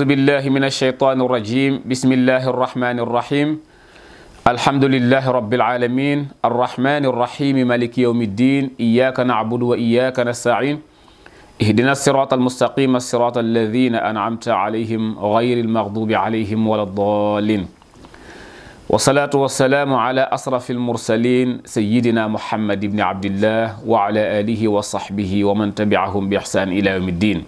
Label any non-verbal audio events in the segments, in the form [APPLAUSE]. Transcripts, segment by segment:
أعوذ بالله من الشيطان الرجيم بسم الله الرحمن الرحيم الحمد لله رب العالمين الرحمن الرحيم ملك يوم الدين إياك نعبد وإياك نستعين اهدنا الصراط المستقيم الصراط الذين أنعمت عليهم غير المغضوب عليهم ولا الضالين والصلاة والسلام على أصرف المرسلين سيدنا محمد بن عبد الله وعلى آله وصحبه ومن تبعهم بإحسان إلى يوم الدين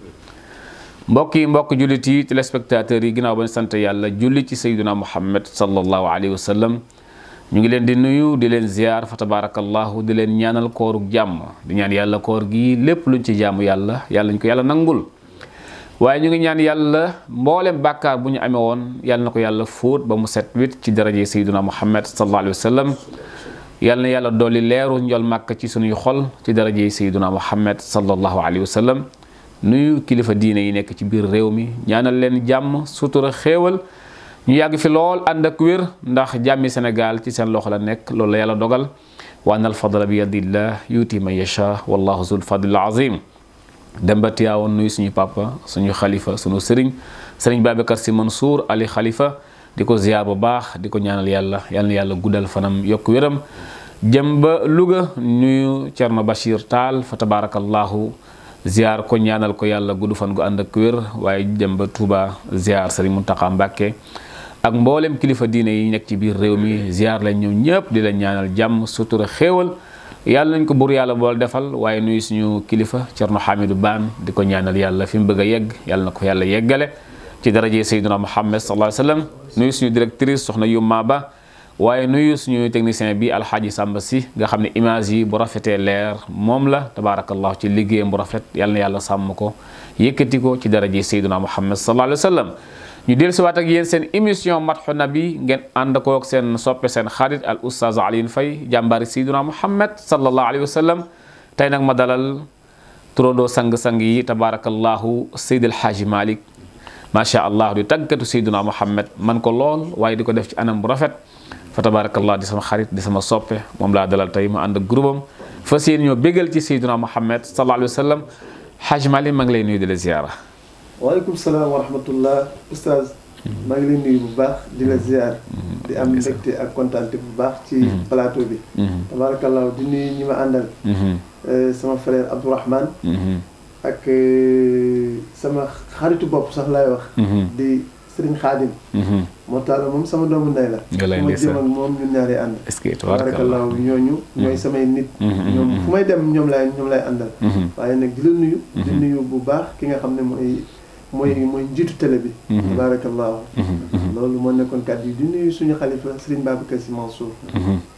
mbokk yi mbokk jullit yi téléspectateurs yi ginnaaw ba ñu sant yàlla julli ci sayyiduna muhammad sallallahu alayhi wa sallam ñu ngi leen di nuyu di leen ziar fa tabarakallahu di leen ñaanal kooruk jàmm di ñaan yàlla koor gi lépp luñ ci jaamu yàlla yàlla ñu ko yàlla nangul waaye ñu ngi ñaan yàlla mboolem bàkkaar bu ñu amee woon yàlla na ko yàlla fóot ba mu set wit ci daraje sayyiduna muhammad sallallahu alayhi wa sallam yàlla na yàlla dolli leeru njol màkk ci sunuy xol ci daraje sayyiduna muhammad sallallahu alayhi wa sallam nuyu kilifa diine yi nekk ci biir réew mi ñaanal leen jàmm sutura xéewal ñu yàgg fi lool ànd ak wér ndax jàmmi Sénégal ci seen loxo la nekk loolu la yàlla dogal wa anna al fadla bi yadillah yuuti man yasha wallahu zul fadlil azim dem ba nuyu suñu papa suñu xalifa suñu sëriñ sëriñ Babacar Sy Mansour Ali xalifa di ko ziyaar bu baax di ko ñaanal yàlla yal yàlla guddal fanam yokk wéram jëm ba Louga nuyu Thierno Bachir Tall fa tabarakallahu ziar ko ñaanal ko yàlla gudd fan gu ànd ak wér waaye dem ba Touba ziar sëriñ Mountakha Mbacké ak mboolem kilifa diine yi nekk ci biir réew mi ziar lañ ñëw ñëpp di la ñaanal jàmm sutura xéewal yàlla nañ ko buur yàlla bool defal waaye nuyu suñu kilifa Thierno Hamidou baan di ko ñaanal yàlla fi mu bëgg a yegg yàlla na ko yàlla yeggale ci daraje Seydina Muhammad soxna Yumma Ba waaye nuyu suñu technicien bi alxaaji Samba si nga xam ne image yi bu rafetee leer moom la tabaarakallahu ci liggéeyam bu rafet yal yàlla sàmm ko yëkkati ko ci daraje sayduna muhammad sallallahu alayhi wa sallam ñu dellu siwaat ak yéen seen émission Madhoun Nabi ngeen ànd ko ak seen soppe seen xarit al oustaz Alioune Faye jàmbaari sayduna muhammad sallallahu alayhi wa sallam tey nag ma dalal turandoo sang-sang yi tabaarakallahu seyd alxaaji malik macha allah di tàggatu sayduna muhammad man ko lool waaye di ko def ci anam bu rafet فتبارك الله دي سما خريط دي سما صوبي موم لا دلال تاي ما اند غروبم فاسين نيو بيغل تي سيدنا محمد صلى الله عليه وسلم حاج مالي ما نغلي نوي دي زياره وعليكم السلام ورحمه الله استاذ ما نغلي نوي بو باخ دي لا زيار دي ام ديكتي اك كونتانتي بو باخ تي بلاتو بي تبارك الله دي نوي نيما اندال سما فرير عبد الرحمن اك سما خريطو بوب صح لاي واخ دي Serigne Khadim. Mhm. Mortalla moom sama doomu ndey la. yàlla indi sa moom ñun ñaari ànd. est-ce que tabarakallah ñooñu. ñooy mhm. samay nit. Mhm, ñoom fu may dem ñoom lay ñoom laay àndal. waaye nag di la nuyu. di nuyu bu baax ki nga xam ne mooy. mooy mooy njiitu tele bi. tabaarakallaahu loolu moo nekkoon kàddu yi di nuyu suñu xalifa Serigne Babacar Sy Mansour.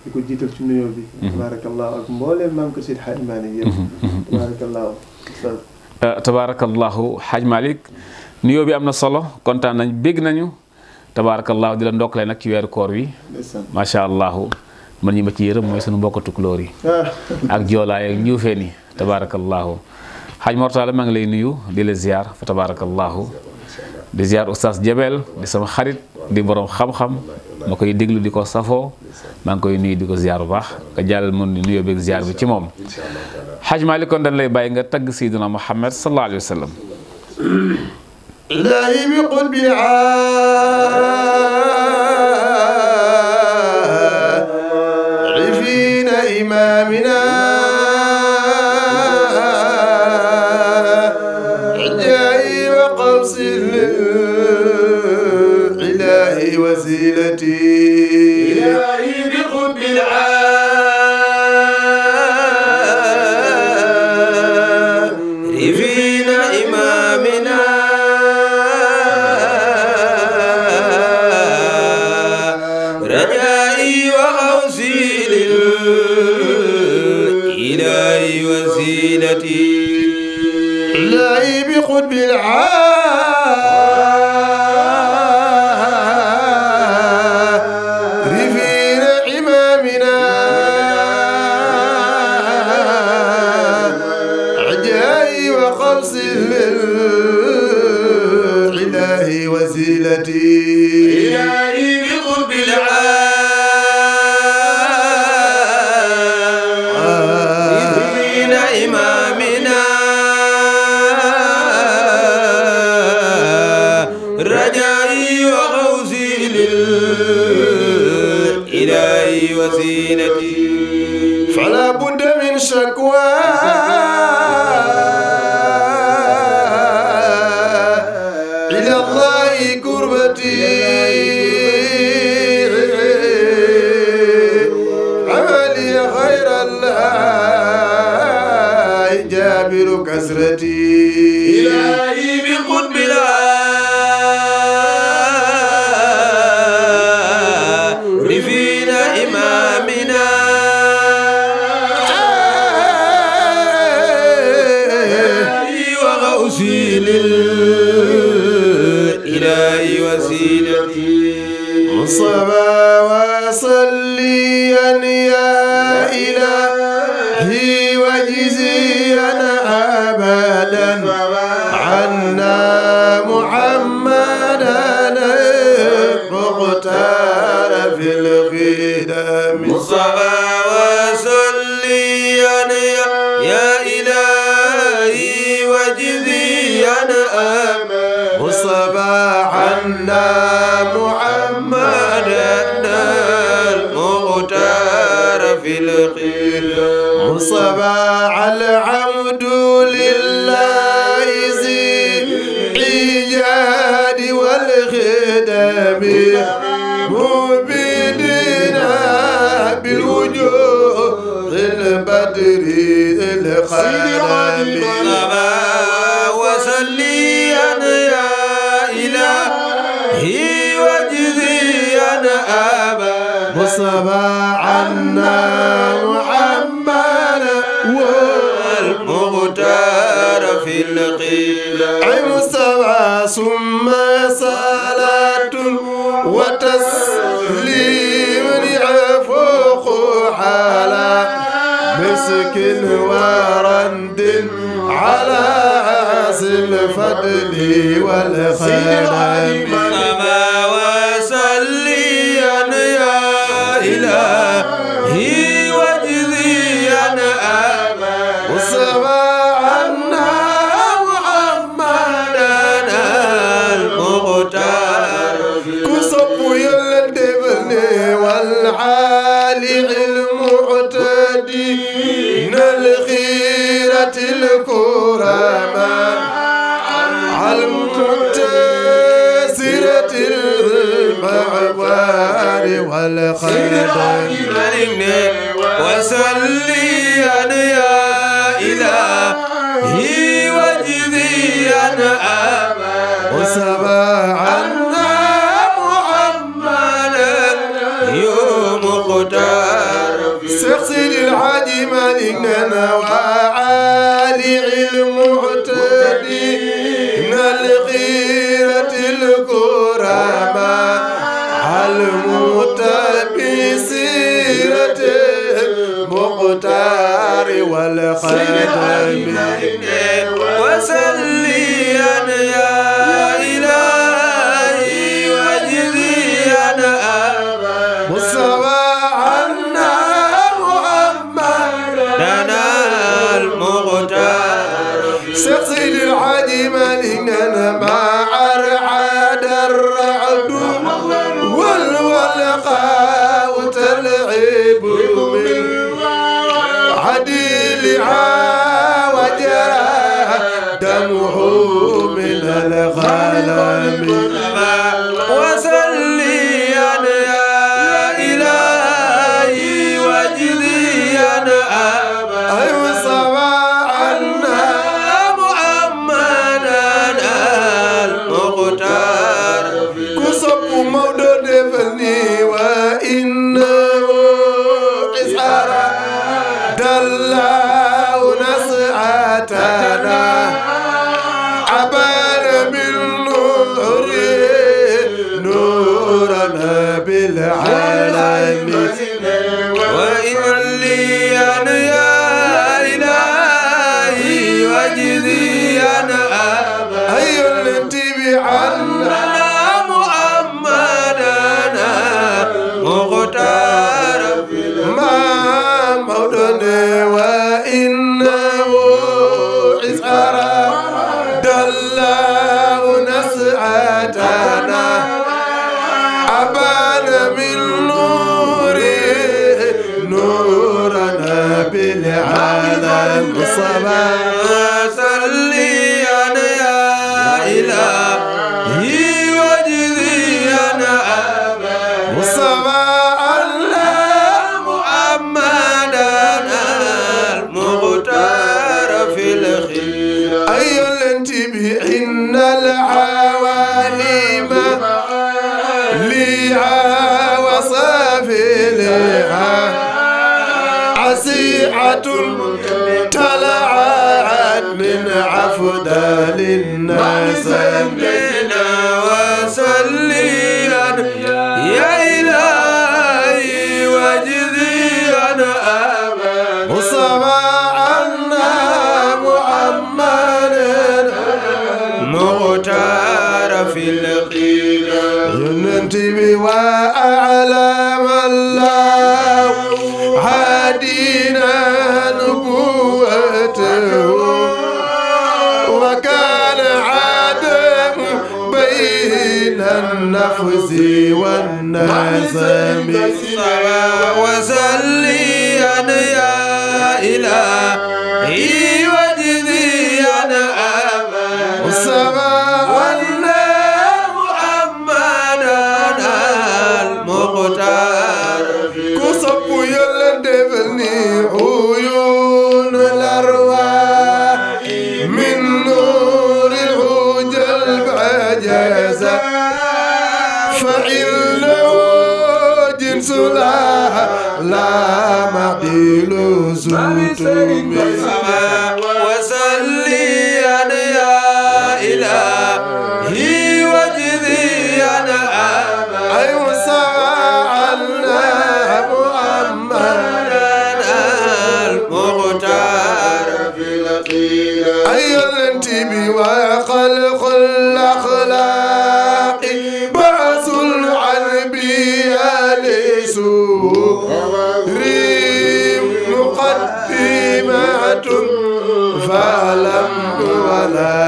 di ko jiital ci nuyoo bi. tabaarakallaahu ak mbooleem maam ko Seydi Hadj Malick yëpp. tabaarakallaahu. tabaarakallaahu Hadj Malick. nuyo bi am na solo kontaan nañ bégg nañu tabaarakallaahu di la ndokkale nag ci weeru koor wi macha allahu man ñi ma ci yërëm mooy suñu mbokkatu tukulóor yi ah. ak joolaay ak njuufeen yi tabaarakallaahu xaj mortaala maa ngi lay nuyu di la ziar fa tabaarakallaahu di ziar oustaz Jabel di sama xarit di borom xam ma koy déglu di ko safoo maa ngi koy nuyu di ko ziar bu baax nga jàllal mun ni nuyoo beeg ziar bi ci moom xaj Maalik kon dañ lay bàyyi nga tagg Seydina Muhammad sallallahu alayhi wa sallam لا بقلب عارفين إمامنا ثم صلاة وتسليم يفوق على مسك ورد على سلفة والخير والقدر وصلي أنا يا إلهي وجدي أنا أمان وسبع عنا محمدا يوم قدر سقسي للعدي مالك نوايا القدم الوزن وإنه إسحارا دلاه نسعتنا عبر من نور نورنا بالعالمين صلي وسليا يا إلهي وجزينا بالصبا الله محمدا المختار في الخير أي الانتبه إن العوالم ليها وصافي لها عسيعة للناس والنفس والنظم وسلم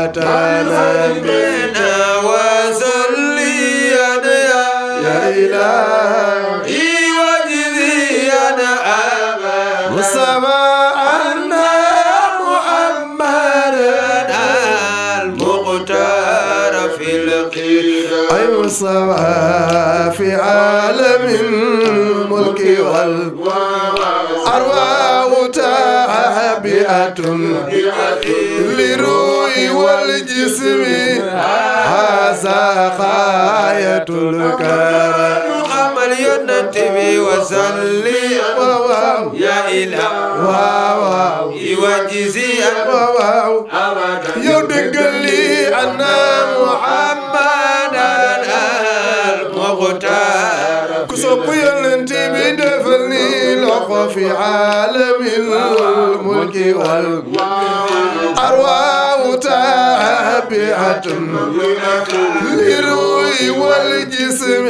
وتعالى بنا وصلي يا إلهي وجدي أنا مصطفى أنا محمد المختار في القيرة أي مصطفى في عالم الملك والأرواح تعالى تابعة لروي والجسم هذا غاية الكرم محمد ينتمي وسلي يا إله وجزي يدق لي أن محمدا المختار كسوف ينتمي فوق في عالم الملك والأرواح تابعة للروي والجسم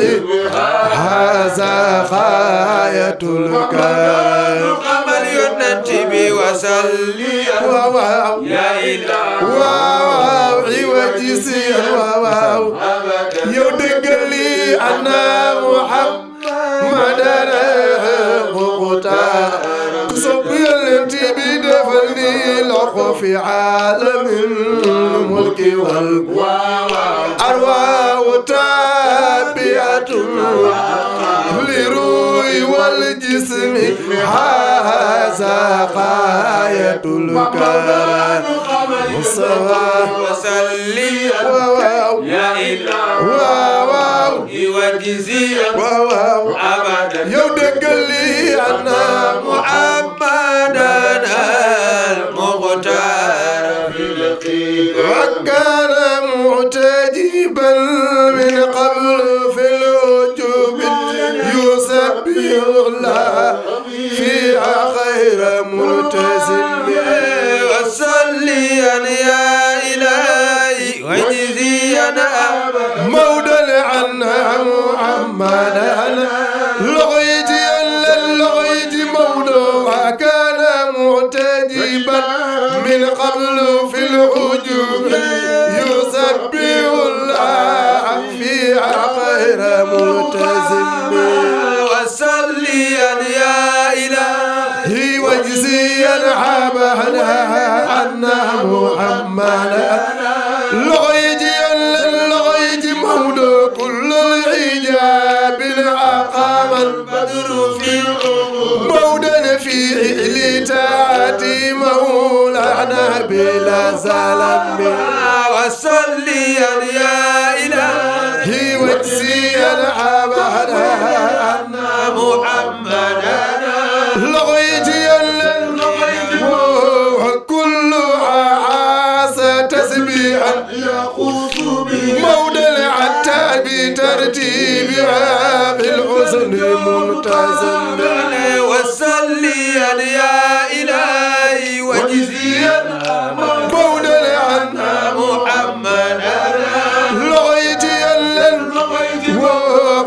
هذا خاية الكون ينتبي وسلي يا المختار تصب التي بدفني لق في عالم الملك والقوى أرواح تابعة لروي والجسم هذا غاية الكرم مصطفى وسلم يا إله وجزيا أبدا يودك لي أنا محمدا المختار في القيم وكان معتجبا من قبل في الوجوب يسبح الله فيها خير ملتزم وصليا يا إلهي واجزيا ما نهنا لغيت إلا اللغيت مولوها كان معتدبا من قبل في العجوب يسبح الله فيها غير ملتزم وصليا يا إلهي واجزيا عبدا أن محمد القدر في الأمور مودا في لتاتي مولانا بلا زلم وصليا يا إلهي وجزيا عبدا محمدا لغيجيا كل عاسى تسبيحا يقوم مودا حتى بترتيبها حسنا يا إلهي وجزيا مولا عنا محمدا لغيتي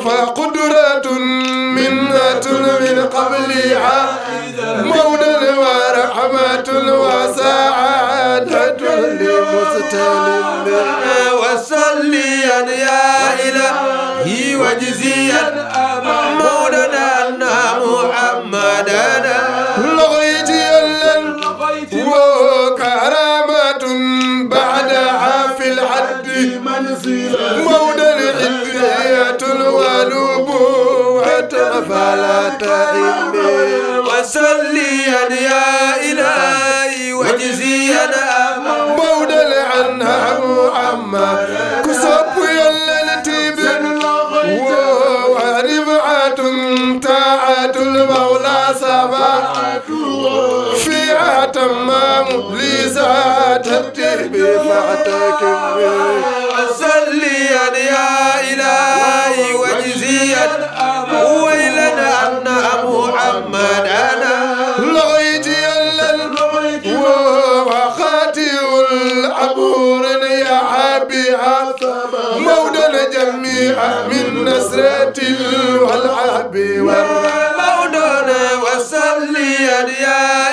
فقدرة منة من قبل مولا ورحمة وسعادة لمستلم وصليا يا إلهي به وجزيا محمودنا أن محمدنا لغيت يلن وكرامة بعدها في الحد مودا حدية ونبوة فلا تئمي وسليا يا إلهي وجزيا مودا عنها سبعة المولى فيها تمام لذات الدرب فاعتكم صليا يا إلهي وجزيا ويلنا أن محمدنا لغيتي وخاتي العبور يا عبي مودا جميعا من نسرة والعب والرحمة Maria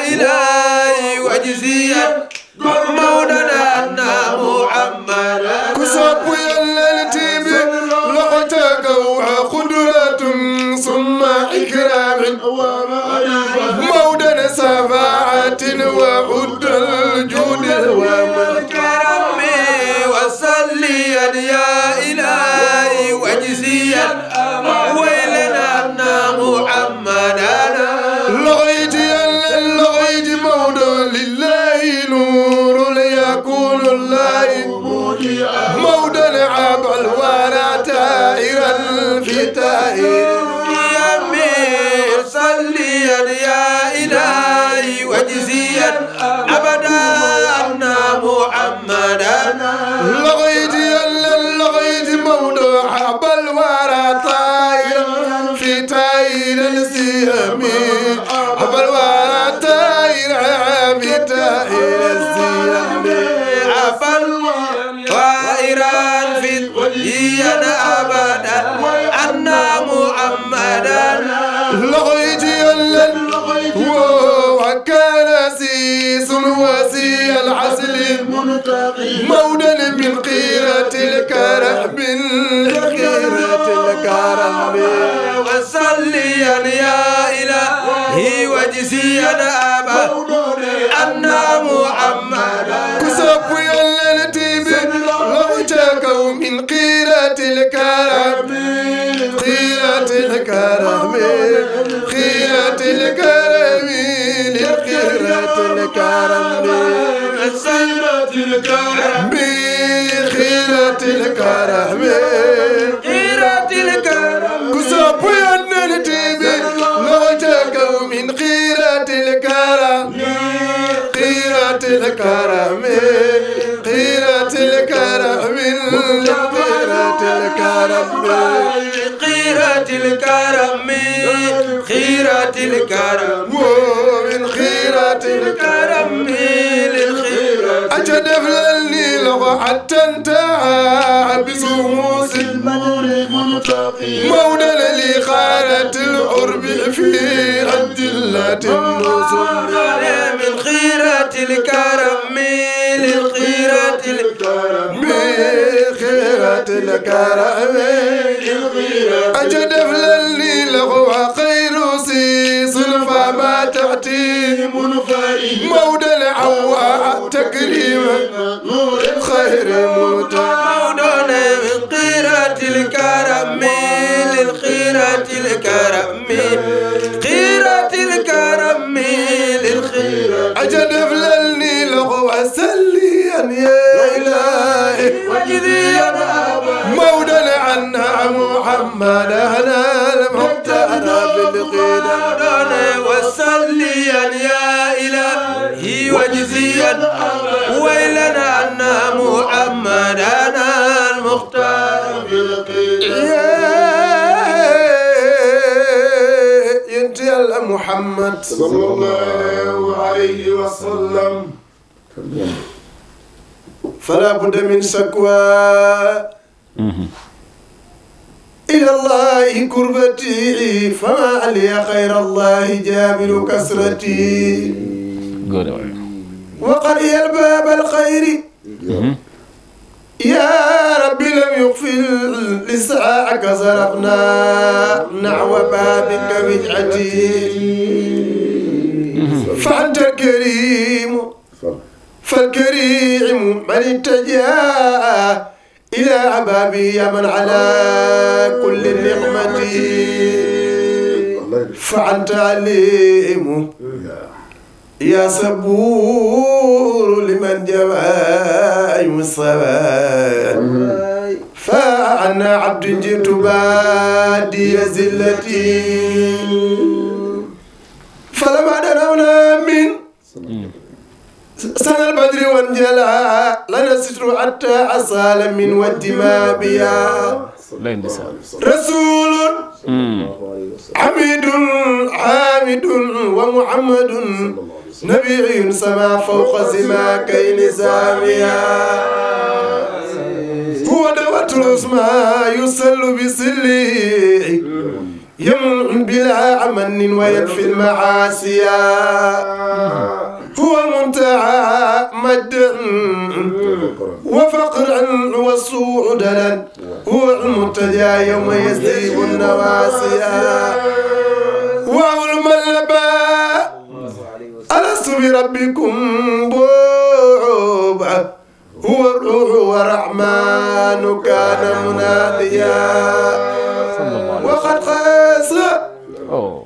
رب الورى طاير في طير الزيامي رب الورى طاير في طير الزيامي عفا طائرا في الين ابدا انا محمدا لغيجي وكان سيس وسي العسل المنتقي مودا من قيرة الكرب يا إلهي وجزي أنا نعم. أبا أنا محمد كسب يلتي بلغتك من قيلة الكرم قيلة الكرم قيلة الكرم قيلة الكرم قيلة الكرم خيرة الكرم خيرة الكرم الكرم قيلة الكرم قيلة الكرم قيلة الكرم من خيرة الكرم ومن خيرة الكرم للخيرة أجدف لغة حتى انتهى بسموس النور منطقي مولى لخارة العرب في عبد الله النصر الكرم للغيرة الكرم خيرة الكرم أجد فللي لهو خير سيس فما تأتي منفرد مودة العواء تكريما نور الخير مطاع مولى من خيرة الكرم للخيرة الكرم خيرة الكرم وجنب لقوا وسليا يا إلهي وجدي يا بابا مولا عنا نعم محمد أنا المبتدى بالقيد وسليا يا إلهي وجزيا ويلنا عنا نعم محمد أنا المختار بالقيد محمد صلى الله عليه وسلم فلا بد من سكوى إلى الله كربتي فما علي خير الله جابر كسرتي وقري الباب الخير mm-hmm. يا ربي لم يغفل لسعاك زرقنا نحو بابك وجعتي فأنت الكريم فالكريم من اتجا إلى أبابي يا من على كل نعمة فأنت عليم يا صبور لمن جواي مصاب فأنا عبد جئت بادي زلتي فلما دنونا من سنة البدر وانجلا لنا ستر حتى أصال من ما بيا لين رسول حميد حامد ومحمد نبي سما فوق سما ساميا هو دوات العظمى يسل بسلي يمن بلا عمل ويكفي المعاسيا هو منتعى مد وفقرا وصعودا هو المرتجى يوم يزيد النواسيا واو الملبى ألست بربكم بوعوبا هو الروح والرحمن كان مناديا وقد قاس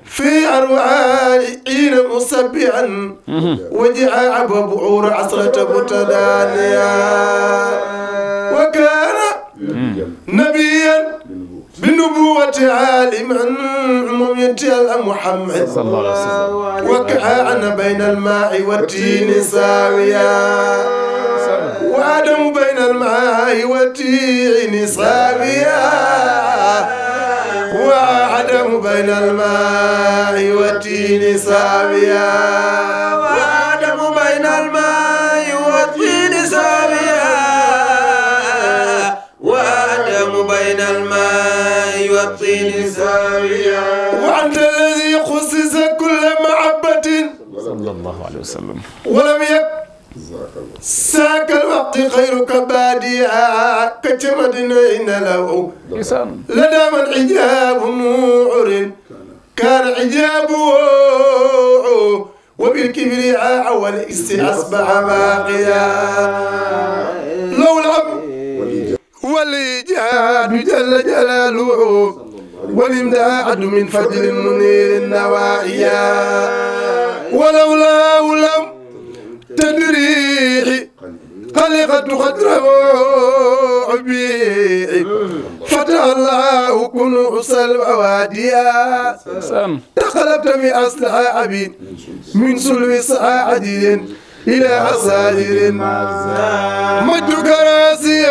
في أروعين مسبعا مسبحا وجع عبب عور عصرة متدانيا وكان نبيا بنبوة عالما مميتا محمد صلى الله عليه وسلم وكأن بين الماء والتين ساويا وعدم بين الماء والتين ساويا وعدم بين الماء والتين ساويا الطين ساويا وعند الذي خصص كل محبة صلى الله عليه وسلم ولم يك ساك الوقت خيرك باديا كتمدنا إن له لدى من عجاب نور كان حجابه وبالكبرياء أصبح باقيا لو العبد والإجهاد جل جلاله والإمداد من فضل منير النوايا ولولاه لم تدريحي خلقت قدره عبيعي فتح الله كنوس الواديا تقلبت في اصلح عبيد من سلو سعادين إلى صدر مد كراسي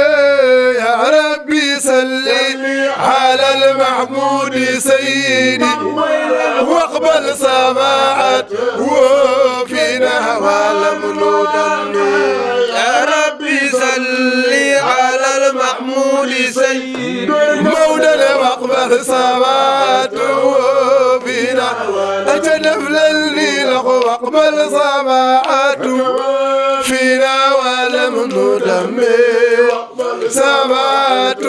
يا ربي سلي على المحمود سيدي واقبل سماعت وفينا والمنود يا ربي سلي على المحمود سيدي مولانا واقبل سماعت وفينا أجنب للي واقبل سماعت ندمر سمعت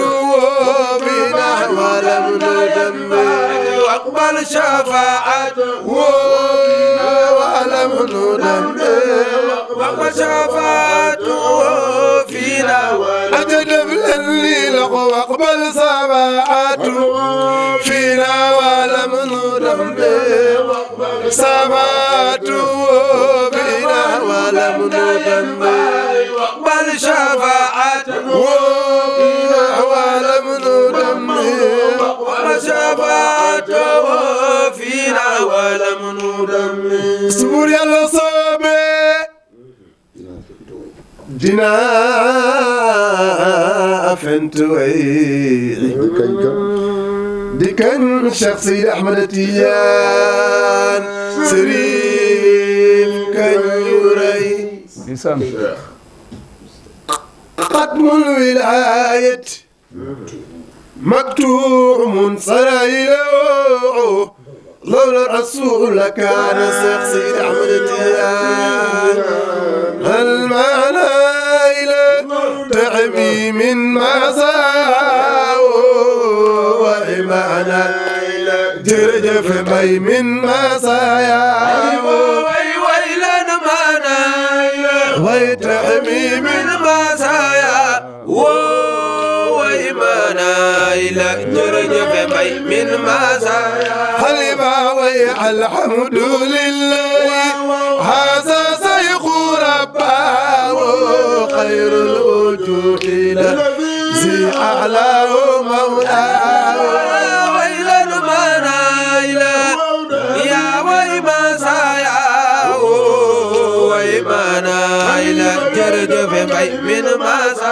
بنا ولم ندمر واقبل شفاعة ولم فينا فينا ولم ندمر فينا ولم ولم ندمر سوريا الصوبي دينا فنتوي دي كان شخصي احمد تيان سريف كان يري قدم الولايه مقطوع منصر لولا الرسول لكان الشيخ سيد أحمد تيان هل معنا إلى تعبي من ما وإمعنا إلى جرجف بي من ما سايا ويتعمي من مسايا layla jërëjëf mbay min maasa xaliba way alhamdulillahi hasa sayxu rabbaawo xayrul wujuudi la si oh, alaawo mawlaawo waylan manayla yaa way maasayaawo way manayla jërëjëf mbay min maasa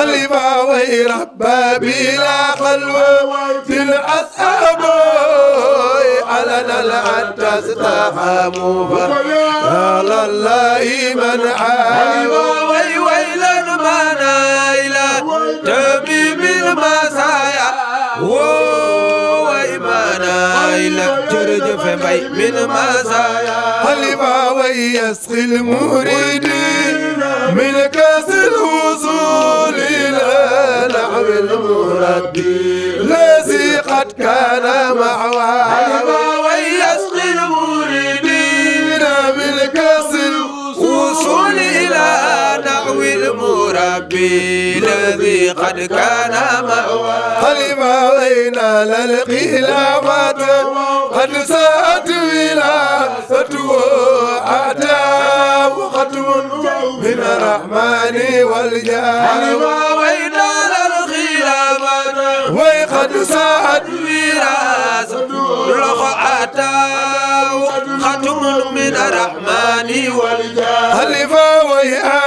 قلبا ويربى بلا خلوة قلوة تنعساب علنا العد تستحموا على الله من عاب وي ويلا ما نايلا تبي بالمساء لا جرجف بي من مزايا حليبا ويسقي المريدين من كاس الوصول إلى لعب المربي الذي قد كان معواه حليبا ويسقي المريدين ربي الذي قد كان مأواه خلما وينا للخلافات قد ساءت ولادته أعداء وختم من الرحمن والجاه خلما وينا للخلافات وقد ساءت وراثته رخعتا ختم من الرحمن والجاه خلفا ويا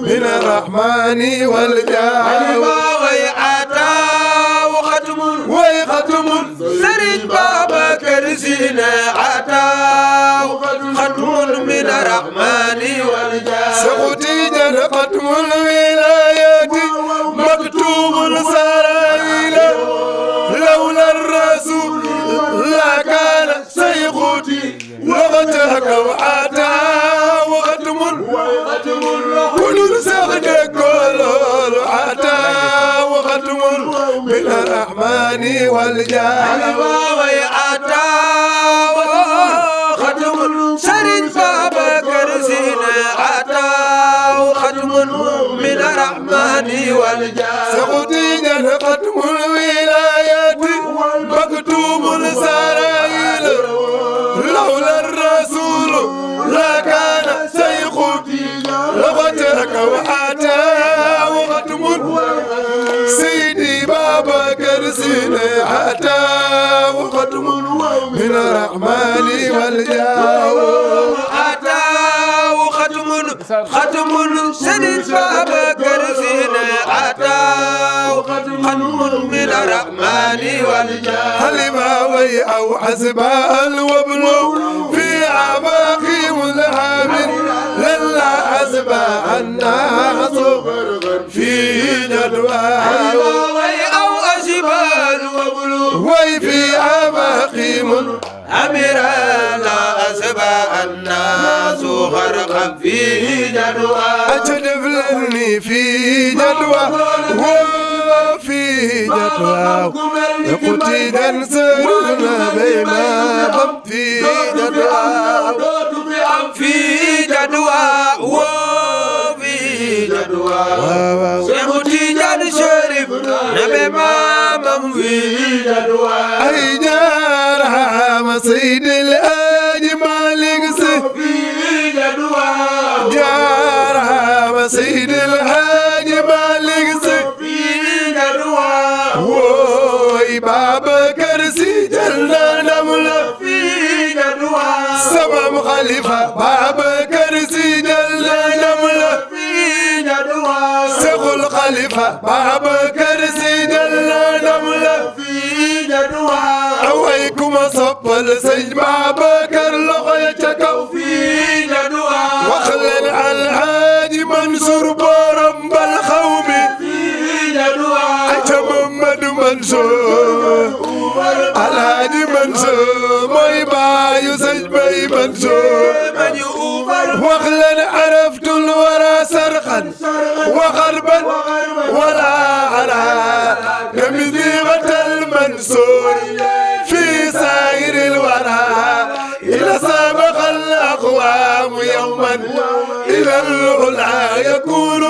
من الرحمن والجاه ويعتا وختم وختم سرج بابا كرسينا عتا ختم من الرحمن والجاه سقطي ختم الولاية مكتوب سرائيل لولا الرسول لكان سيخوتي وقتك وعاد والجاه واوي عطا ختم سرين بابكر سينا عطا ختم من الرحمن والجاه سقطين الختم أتى ختم من الرحمن والجاو أتى ختم ختم سند بابكر زنا أتى ختم من الرحمن والجاو حلماوي أو حسب وابن في عباق مذهب للا حسب أنها صغر في جدوى ويفيها مقيم أميرا لا أسبى الناس غرقا في جدوى أتنفلني في جدوى وفي جدوى قتي تنسرنا بما قم في جدوى في جدوى وفي جدوى خليفة باب كرسي جل نملة في جدوى سيخ الخليفة باب كرسي جل نملة في جدوى أويكم صب السجد باب كرلغ يتكو في جدوى وخلل الحاج منصور بورم بالخوم في جدوى أتممد منصور البي منزول وغلا عرفت الورى سرقا وغربا ولا على نمذيغة المنصور في سائر الورى إلى سابق الأقوام يوما إلى العلا يكون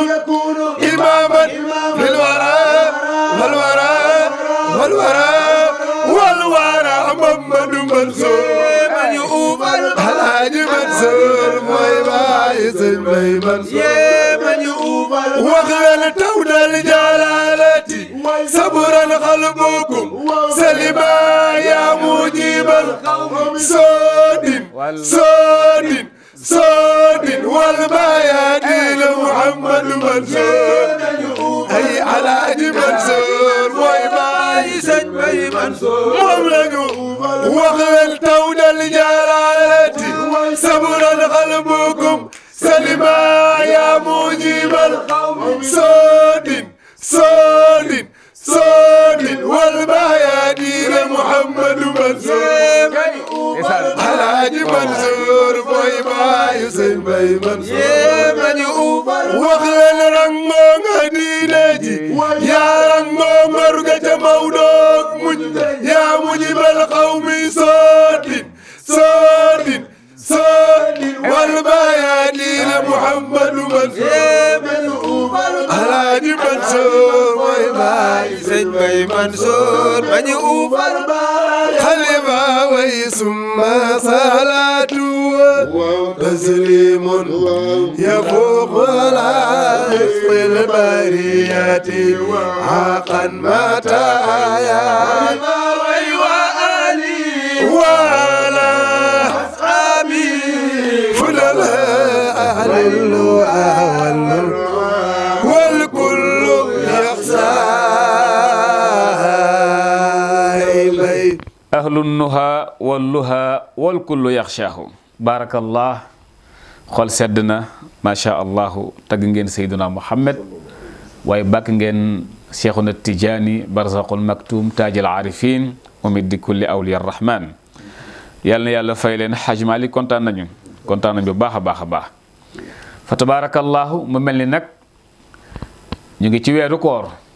سن ميمن يا من يؤمن وخلل تولى الجلالة صبرا قلبكم سلما يا مجيب القوم سود سود سود والبيادين محمد منصور اي على اجي منصور وما يسد بي منصور مولد وخلل تولى الجلالة صبرا قلبكم سلمى يا مجيب القوم سود سود سود والميادين محمد منصور الحاج منصور باي باي حسين باي منصور وخلل رنگو غنينجي يا رمو مرقة مودوك يا مجيب القوم سود سود سود والميادين خليل محمد من alaaji Mansour mooy baay sëñ Bay Mansour ma ñu uufal baay xalifa way summa salaatu tasliimun yafuuq walaa fil bariyati xaqan mataayaa أهل النها واللها والكل يخشاه بارك الله خل سيدنا ما شاء الله تجنجن سيدنا محمد ويبكنجن شيخنا التجاني برزق المكتوم تاج العارفين ومد كل أولياء الرحمن يالنا يالا فايلين حاج مالي كونتان نانيو كونتان نانيو باخا باها باها فتبارك الله ممن لنك نجي تيوي ركور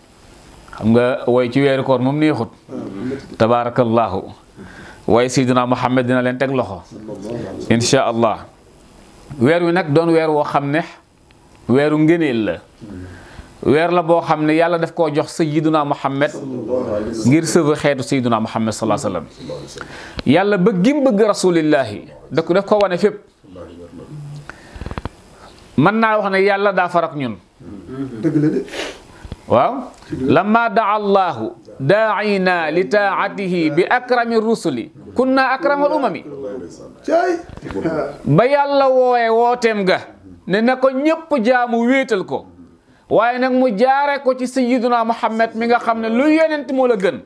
wéru koor xam nga way ci wéru tabaarakallaahu waaye Seydina Muhammad dina leen teg loxo incha allah weer wi nag doon weer woo xam ne weeru ngëneel la weer la boo xam ne yàlla daf koo jox Seydina Muhammad ngir sëva xeetu Seydina Muhammad salaa sallam yàlla bëggim bëgg rasulillahi da ko daf ko wane fépp mën naa wax ne yàlla daa farak ñun dëgg la de waaw lamma daa allahu daaina li taatihi bi akrami rusuli kunna akramal umami ba yàlla wooye wooteem ga ne na ko ñépp jaamu wéetal ko waaye nag mu jaare ko ci sayyiduna muhammad mi nga xam ne lu yonent moo la gën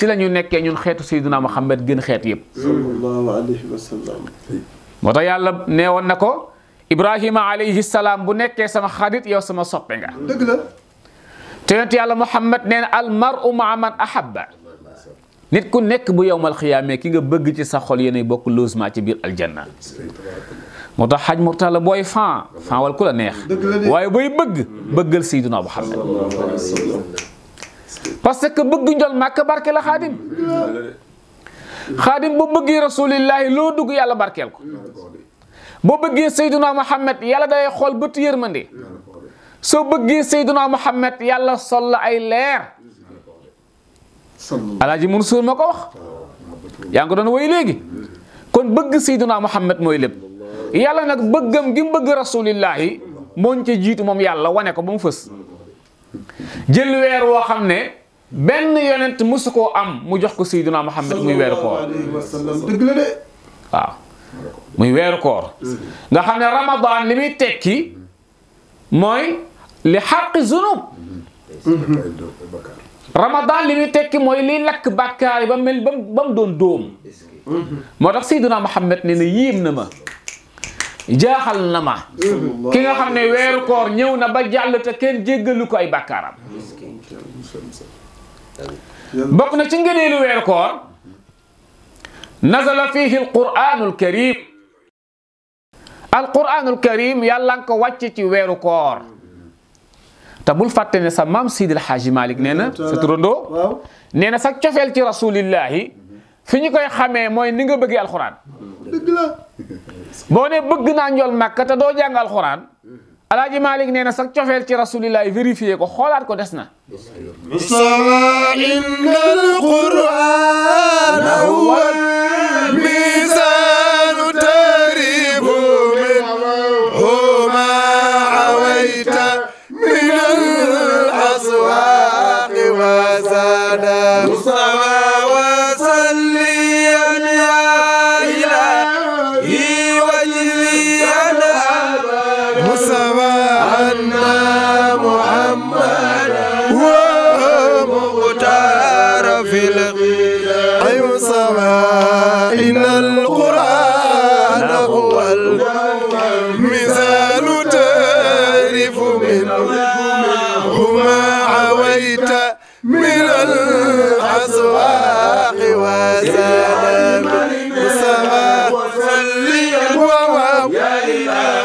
ci la ñu nekkee ñun xeetu sayyiduna muhammad gën xeet yépp sallallahu alayhi wa yàlla neewoon na ko ibrahima alayhi salaam bu nekkee sama xarit yow sama soppe nga تيونت يالا محمد نين المرء مع من احب نيت كو نيك بو يوم القيامه كيغا بغ سي سا خول يني بوك لوز ما سي بير الجنه موتا مرتال بوي فا فا وال كولا نيه واي بوي بغ بغل سيدنا محمد باسكو بغ نجول ماك بارك لا خادم خادم بو بغي رسول الله لو دوغ يالا باركيل كو بو بغي سيدنا محمد يالا داي خول بوت يرمندي soo bëggee Seydina Muhammad yàlla sol la ay leer alaaji Mansuur ma ko wax yaa ngi ko doon woy léegi kon bëgg Seydina Muhammad mooy lépp yàlla nag bëggam gi mu bëgg rasulillahi mooñ ca jiitu moom yàlla wane ko ba mu fës jël weer woo xam ne benn yonent mosu koo am mu jox ko Seydina Muhammad muy weeru koor muy weeru koor nga xam ne Ramadan li muy tekki mooy لحق الذنوب رمضان لي تيك موي لي لك بكار بام بام دون دوم موتاخ سيدنا محمد ني ييم نما جاخال نما كيغا خامني وير كور نييو نا با جال تا كين جيغلو كو اي بكارام بوكنا سي نغي لي وير كور نزل فيه القران الكريم القران الكريم يالا نكو واتي تي وير كور تقول فاتنة سامم سيد الحاج مالك نينا نعم، سترندو نينا سكتفل تي رسول الله فيني كوي خامه موي نيغا بغي القران دغلا [LAUGHS] بوني بغنا نيول مكه تا دو جانغ القران الحاج مالك نينا سكتفل تي رسول الله فيريفيه كو خولات كو دسنا بسم ان القران هو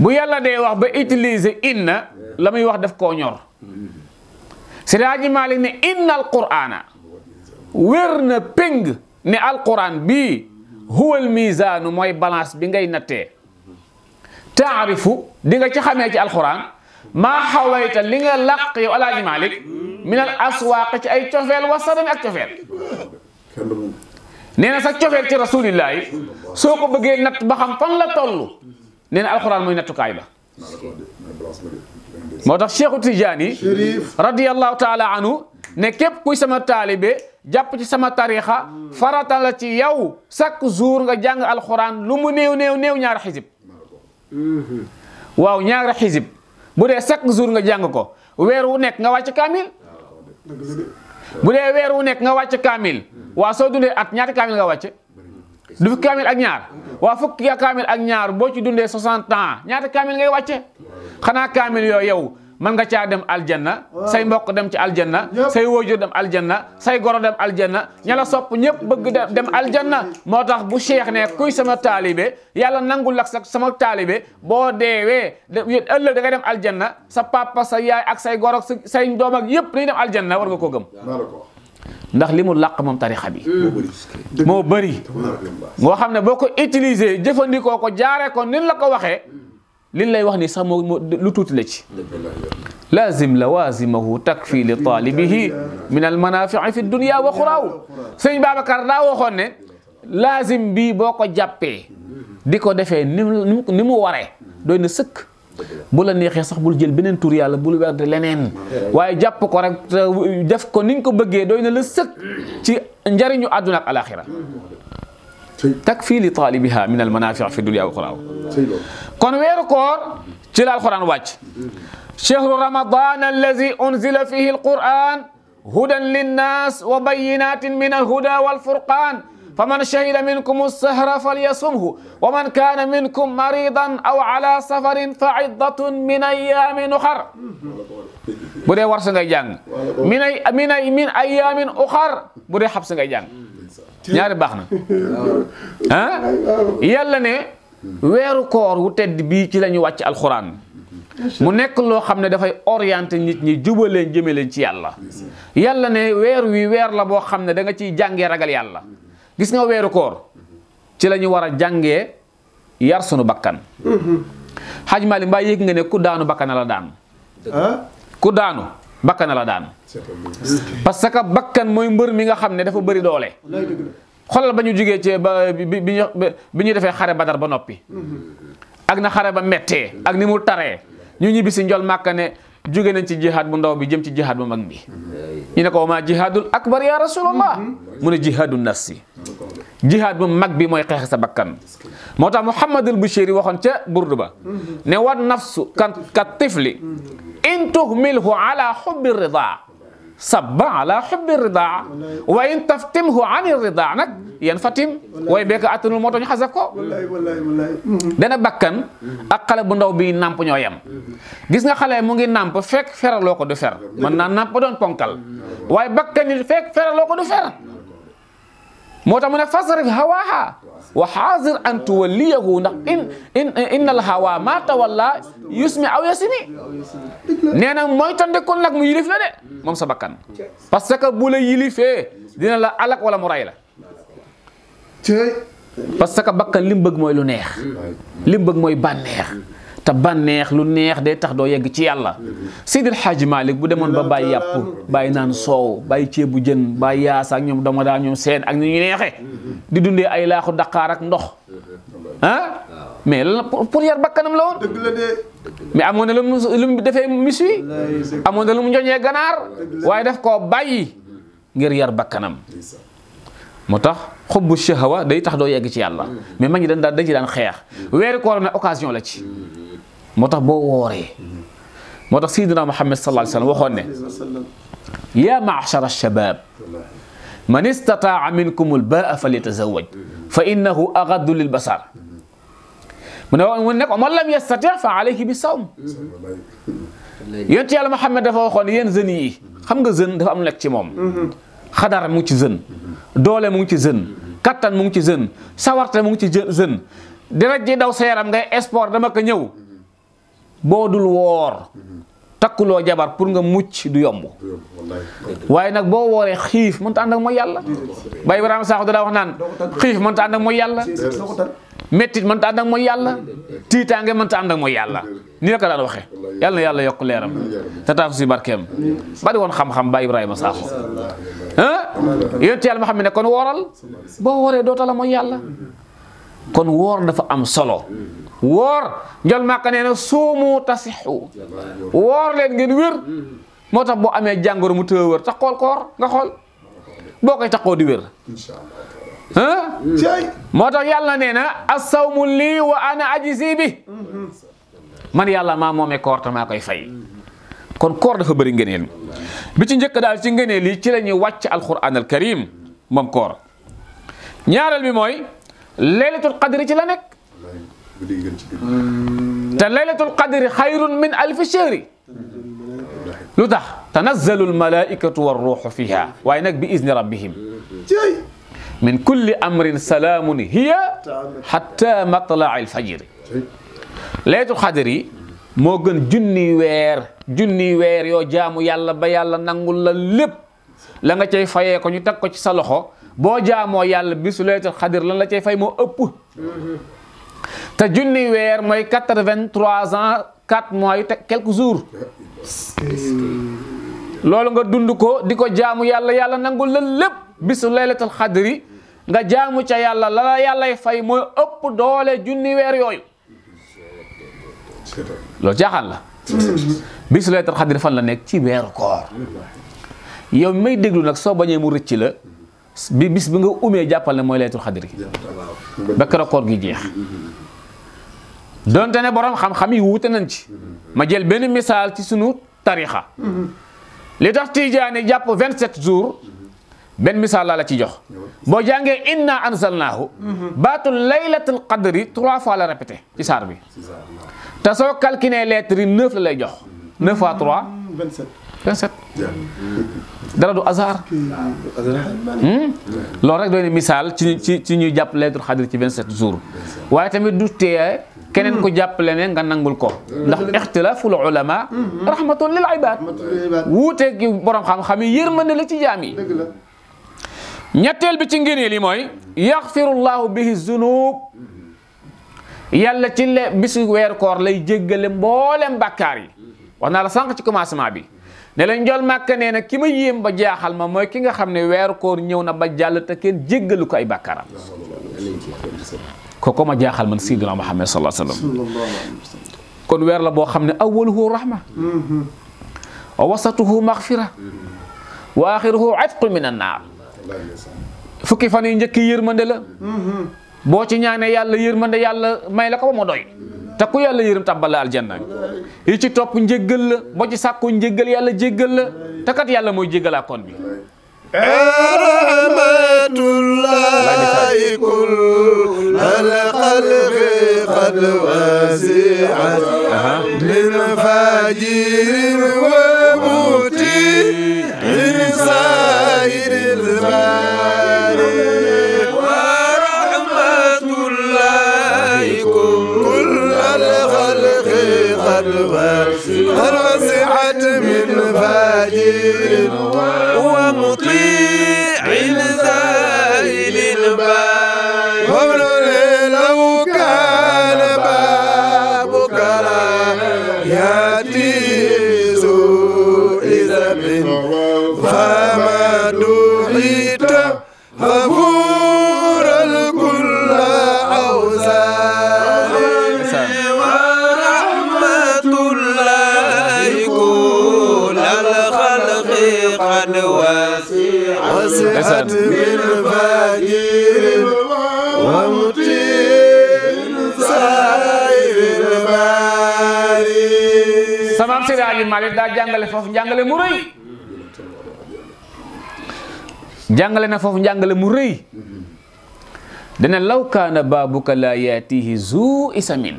bu yàlla dee wax ba utiliser inna la muy wax def koo ñor Seydi Hajji Maalik ne inna alqur'ana wér na péng ne alqur'an bii huwal mizaanu mooy balance bi ngay nattee taarifu di nga ci xamee ci alqur'an maa xawayta li nga làq yow alaaji Maalik min al aswaaq ci ay cofeel wa sadami ak cofeel nee sa cofeel ci rasulillahi soo ko bëggee natt ba xam fan la toll nee na alxuraan mooy nattukaay ba. moo tax Cheikhu Tijaani radiyallahu taala anhu ne képp kuy sama taalibe jàpp ci sama tariixa farata ci yow chaque jour nga jàng alxuraan lu mu néew néew néew ñaari xisib mhm. waaw ñaari xisib bu dee chaque jour nga jàng ko weer wu nekk nga wàcc kaamil bu dee weer wu nekk nga wàcc kaamil waa soo dundee at ñaata kaamil nga wàcc du ak ñaar waa fukki ya kaamil ak ñaar boo ci dundee 60 ans ñaata kaamil ngay wàcce xanaa kaamil yooyu yow mën nga caa dem aljanna say mbokk dem ci aljanna say waajur dem aljanna say goro dem aljanna ña sopp ñëpp bëgg dem aljanna moo tax bu cheikh ne kuy sama taalibe yàlla nangu lak sa sama taalibe boo deewee ëllëg da dem aljanna sa papa sa yaay ak say goro say doom ak yëpp dañuy dem aljanna war nga koo gëm ndax limu làq mom tarixa bi mo bëri mo xamne boko utiliser jeufandiko ko jaare ko nin la ko waxe liñ lay wax ni sa lu tuti la ci لازم لوازمه تكفي لطالبه من المنافع في الدنيا وخراه سيغ بابكر دا وخون ne لازم bi boko jappé diko défé nimu waré doyna sëkk bu la nexé sax bul jël benen tour yàlla bul werde lénen waye jàpp ko rek def ko niñ ko bëggé doyna le seuk ci njariñu aduna ak alaxira takfi li taalibiha min al manafi fi dunya wal akhirah kon weeru ko ci la alquran wàcc shahru ramadan allazi unzila fihi alquran hudan linnas wa bayyinatin min alhuda walfurqan فمن شهد منكم السهر فليصمه ومن كان منكم مريضا أو على سفر فعدة من أيام أخر بودي ورس ngay jàng min ay min ay min ayamin ukhar bودي habs ngay jàng ñaari baax na hein yalla ne weeru koor wu tedd bii ci lañu wàcc alxuraan mu nekk loo xam ne dafay orienté nit ñi jubaleen jëme leen ci yàlla yàlla ne weer wi weer la boo xam ne da nga ciy jàngee ragal yàlla gis nga weeru koor ci la ñu war a jàngee yar sunu bakkan xaj mali mbaa yëg nga ne ku daanu bakkana la daan ah? ku daanu bakkana la daan parce que bakkan mooy mbër mi nga xam ne dafa bëri doole xoolal ba ñu jugee ci ba bi bi ñu defee xare badar ba noppi ak na xare ba mettee ak ni mu taree ñu ñibbisi njol màkka jóge nañ ci jihaad bu ndaw bi jëm ci jihaad bu mag bi ñu ne ko ma jihaadul akbar ya rasulallah mu ne jihaadu nafsi jihaad bu mag bi mooy xeex sa bakkan moo tax muhammadul bushiri waxoon ca burdu ba ne wan nafsu ka tifli in tuhmilhu ala hubbi rida sabba ala hubbi ridaa wa in taftimhu ani ridaa nag yan fatim way beeka attanul moo tax ñu xasaf ko dana bakkan ak xale bu ndaw bi nàmp ñoo yem gis nga xale mu ngi nàmp fekk feraloo ko du fer mën naa nàmp doon ponkal mm-hmm. waaye bakkan yi fekk feraloo du fer moo tax mu ne fasrif hawaaha wa xaazir an tuwalliyahu ndax in in innal hawa ma tawalla yusmi aw yasimi nee na mooy tandikul nag mu yilif la de moom sa bakkan parce que bu la yilifee dina la alak wala mu ray la parce que bakkan li mu bëgg mooy lu neex li mu bëgg mooy bànneex ta banex lu neex day tax do yegg ci yalla sidil Hadji malik bu demone ba bàyyi yap bàyyi nan soow bàyyi ceebu jën bàyyi yaasa ak ñom dama da ñom seen ak ñu neexé di dundé ay laaxu dakar ak ndox ah mais la pour yar bakkanam la woon mais amoon na lu mu lu mu defee misui amone lu mu njoñee ganar waaye daf ko bayyi ngir yar bakkanam motax tax xubbu shahawa day tax do yegg ci yalla mais ma dañ da dañ ci daan xex wéru ko na occasion la ci moo tax boo wooree moo tax sidina Muhammad sallallahu alayhi wa sallam waxoon ne يا معشر الشباب من استطاع منكم الباء فليتزوج فإنه أغض للبصر من ونك ومن لم يستطع فعليه بالصوم يونت يالا محمد دا فا يين زني yi xam nga jeune dafa am nek ci mom xadar mu ngi ci jeune doole mu ngi ci jeune kattan mu ngi ci jeune sawarte mu ngi ci jeune dara ji daw sa yaram ngay sport dama ko ñew boo dul woor jabar pour nga mucc du yomb nak bo woré xif mën ta and ak mooy yalla baye ibrahim saxu da wax nan xif mën ta and ak yalla metti mën ta and ak mooy yàlla mën ta and ak mooy yalla ni la daan yalla xam-xam baye ibrahim saxu hein kon wooral boo wooree dotala mooy yalla kon wor dafa am solo wor jël màkka nee na suumu tasixu woor leen ngeen wër motax bo amé jangoro jàngoro mu tëw wér taxool koor nga xol bokay taxo di wër hein motax yalla neena na sawmu li wa ana ajzi bi man yalla ma momé koor ta maa fay kon koor dafa bëri ngeenel bi ci njëkk daal ci ngëneel ci lañu wacc al alquran al karim mom koor ñaaral bi moy ليلة القدر تي لا نيك ليلة القدر خير من ألف شهر لوتاخ تنزل الملائكة والروح فيها وينك بإذن ربهم من كل أمر سلام هي حتى مطلع الفجر ليلة القدر موغن جني وير جني وير يو جامو يالا با يالا نانغول لا ليب لا نغا تي فايي كو ني تاكو boo jaamoo yàlla bisu laylatul xadir lan la cay fay moo ëpp te junni weer mooy quatre-vingt-trois ans quatre mois yu teg quelques jours loolu nga dund ko di ko jaamu yàlla yàlla nangu la lépp bisu laylatul xadri nga jaamu ca yàlla la la yàllay fay mooy ëpp doole junni weer yooyu loolu caaxaan la bisu laylatul xadri fan la nekk ci weeru koor yow may déglu nag soo bañee mu rëcc la bis bi nga umé jàppal ne moy laytul khadir gi ba keroog koor gi jeex donte ne borom xam-xam yi wuute nañ ci ma jël benn misal ci sunu tariha li tax tijaani jàpp 27 jours ben misal laa la ci jox bo jangé inna anzalnahu batul laylatul qadr trois fois la répété ci sar bi ta so calculé lettre 9 la lay jox 9 fois 3 27 dara du hasard. Hmm? loolu rek doy misaal ci ci ci ñuy jàpp laylatul xadr ci 27 jours waaye tamit du tee keneen ku hmm. jàppale ne nga nangul ko hmm. ndax ixtilaaful ulama rahmatun lil ibad wuute gi borom xam-xam yi yërmande la ci jaam yi ñetteel bi ci ngëneel yi mooy yaxfirullahu bihi zunub yàlla ci le bisu weer koor lay jéggale mboolem bàkkaar yi wax naa la sànq ci commencement bi nela njol makka neena kima na ba jaxal ma moy ki nga xamne wer koor ñëw na ba jàll te ken jéggelu ko ay bàkkaaram kooku ma jaxal man sidina Muhammad sallallahu alayhi wa sallam kon wer la bo xamne awwaluhu rahma wa wasatuhu maghfira wa akhiruhu atqu min an-nar fukki fan ñeek yërmande la bo ci ñaané yàlla yërmande yàlla may la ko mo doy te ku yàlla yërëm tàbbal la aljanna yi ci topp njéggal la boo ci sàkku njéggal yàlla jéggal la te kat yàlla mooy jéggalaa kon bi rahmatullahi kul al xalqi qad wasiat min fajirin الواسعة من فاجر ومطير من فقير ومطير سائر الباري سمام سيدي عاجل مالك دا جانجل فوف جانجل مري jàngale na foofu njàngale mu rëy dana law kaana baabuka laa yaatihi zu isamin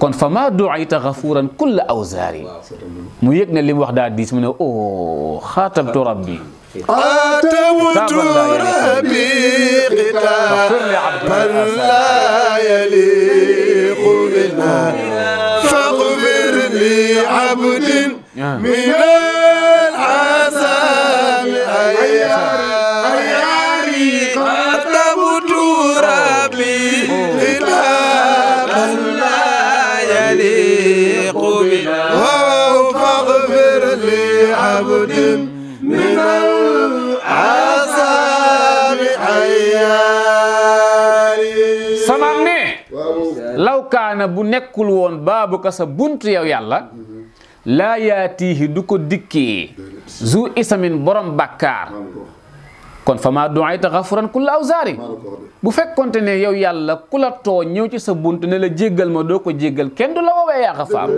kon fa maa duayta gafuran kulla awzaari mu yëg ne li mu wax daa diis mu ne o oh, xaatabtu rabbi أتوت ربي من لا يليق بنا فاغفر لي عبد من law kaana bu nekkul woon baabuka sa bunt yow yàlla laa yaatiihi du ko dikkee zu isamin borom bàkkaar kon fa maa duayta xafuran ku la aw zaari bu fekkonte ne yow yàlla ku la too ñëw ci sa bunt ne la jéggal ma doo ko jéggal kenn du la woowee yaa xafaar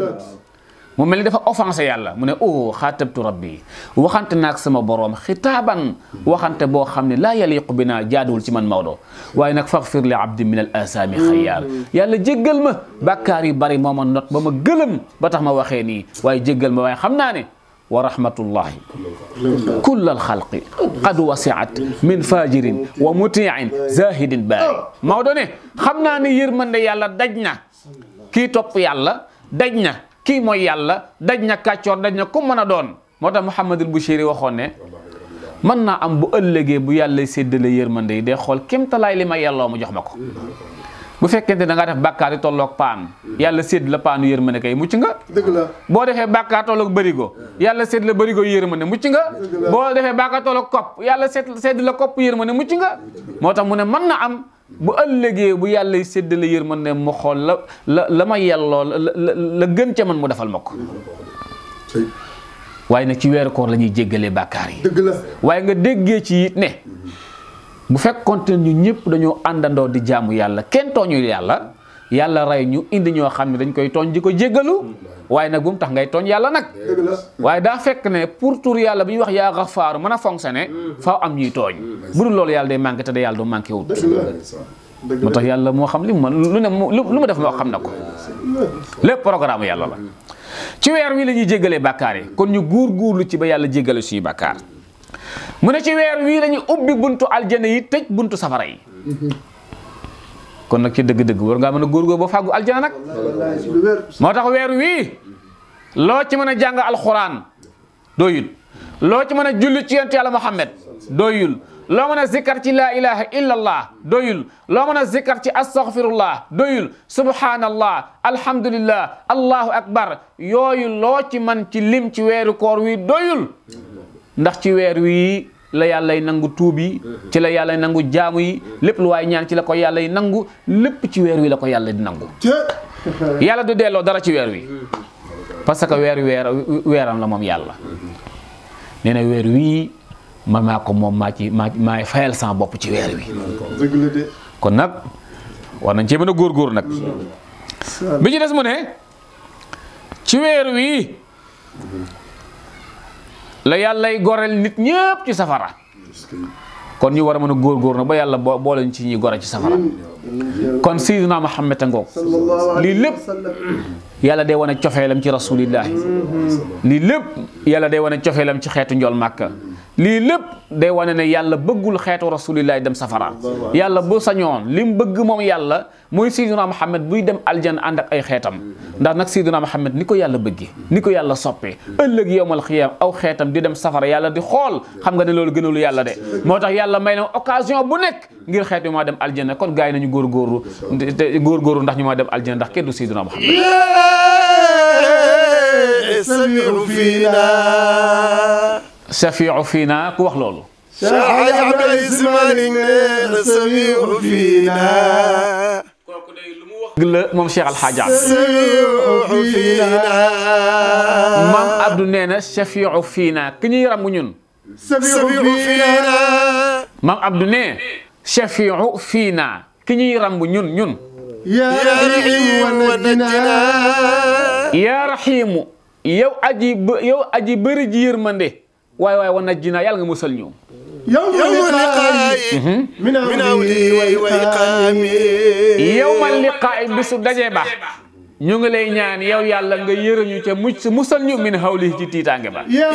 mu mel ni dafa offensé yàlla mu ne o oh xaatabtu rabbi waxante naag sama boroom xitaaban waxante boo xam ne laa yaliqu bi naa jaaduwul ci man Maodo waaye nag faxfir li abdi min al asaami xayyaar yàlla jéggal ma bàkkaar yu bari moo ma not ba ma gëlëm ba tax ma waxee nii waaye jéggal ma waaye xam naa ne wa rahmatullahi kull alxalqi qad wasiat min fajirin wa mutiin zahidin baari Maodo ne xam naa ne yërmande yàlla daj na kii topp yàlla daj na kii mooy yàlla daj na kàccoor daj na ku mën doon moo tax Mouhamadul Bouchiri waxoon ne mën na am bu ëllëgee bu yàlla séddale yërmande yi day xool kem talaay li ma yelloo mu jox ma ko bu fekkente da ngaa def bàkkaar yi tolloog paan yàlla sédd la paanu yërmande kay mucc nga dëgg la boo defee bàkkaar tolloog bërigo yàlla sédd la bërigo yërmande mucc nga boo defee bàkkaar tolloog kopp yàlla sédd sédd la kopp yërmande mucc nga moo tax mu ne mën na am bu ëllëgee bu yàlla séddale yërmande mu xool la la la ma yelloo la la gën ca man mu defal ma ko waaye nag ci weeru koor la ñuy jéggalee bàkkaar yi waaye nga déggee ci it ne bu fekkoonte ñu ñëpp dañoo àndandoo di jaamu yàlla kenn tooñul yàlla yàlla rey ñu indi ñoo xam ne dañ koy tooñ di ko jéggalu waaye nag bu tax ngay tooñ yàlla nag waaye daa fekk ne pour tour yàlla bi ñuy wax yaa xafaaru mën a fonctionné mm. faaw am ñuy tooñ mm. bu dul loolu yàlla day manqué te da yàlla du manqué wut moo tax yàlla moo xam li mu mën lu ne lu mu def moo xam ne ko lépp programme yàlla la ci weer wii lañuy ñuy jéggalee bàkkaar yi kon ñu guur lu ci ba yàlla jéggale suñu bàkkaar mu ne ci weer wii la ubbi buntu aljana yi buntu safara mm-hmm. kon nag ci dëgg-dëgg war ngaa mën a góorgóor ba fàggu aljana moo tax weer wii loo ci mën a jàng alxuraan doyul loo ci mën a julli ci yonent yàlla Muhammad doyul loo mën a zikkar ci laa ilaha illa allah doyul loo mën a zikkar ci astaghfirullah doyul subhanallah alhamdulillah allahu akbar yooyu loo ci mën ci lim ci weeru koor wi doyul ndax ci weer wi la yalla lay nangu tuub ci la yalla lay nangu jaamu yi lepp lu way ñaan ci la ko yalla lay nangu lepp ci wër wi la ko yalla di nangu [LAUGHS] yalla du delloo dara ci wër wi parce que wër wër wëram la mom yalla nee wër wi ma man ko ci ma fayal sa bop ci wër wi kon nak war nañ ci mëna gor gor nak bi ci dess mu ne ci wër wi la yàllay goreel nit ñëpp ci safara kon ñu war a mën a góor na ba yàlla boole ñu ci ñuy gore ci safara kon sayyiduna Muhammad a ngoog lii lépp yàlla day wane cofeelam ci rasulillahi lii lépp yàlla day wane cofeelam ci xeetu njool màkka lii lépp day wane ne yàlla bëggul xeetu rasulillahi dem safara yàlla bu sañoon li bëgg moom yàlla moy sidina mohammed buy dem aljan ànd ak ay xetam ndax nak sidina mohammed niko yàlla bëggee niko yàlla soppé ëllëg yowmal khiyam aw xetam di dem safara yàlla di xol xam nga ne loolu gënalu yàlla de motax yàlla may na occasion bu nek ngir xet bi maa dem aljan kon nañu gor nañu gor góorgóorlu ndax ñuma dem aljan ndax kenn du Seydina Muhammad safiu fiina safiu fiina ku wax loolu gele mom Cheikh Al hadja mam Abdou nee Shafiu fina ki ramu ñun. Shafiu fina mam Abdou ne Shafiu fina ki ramu ñun ñun ya rahim wa najina ya rahim ya yow aji yow aji bëri ji yërmande way way wa najina yàlla nga mussal ñu. يوم اللقاء من أولي وإقامي ñu ngi lay ñaan yow yàlla nga yërëñu ca mucc musal ñu min hawli ci tiitaange ba ya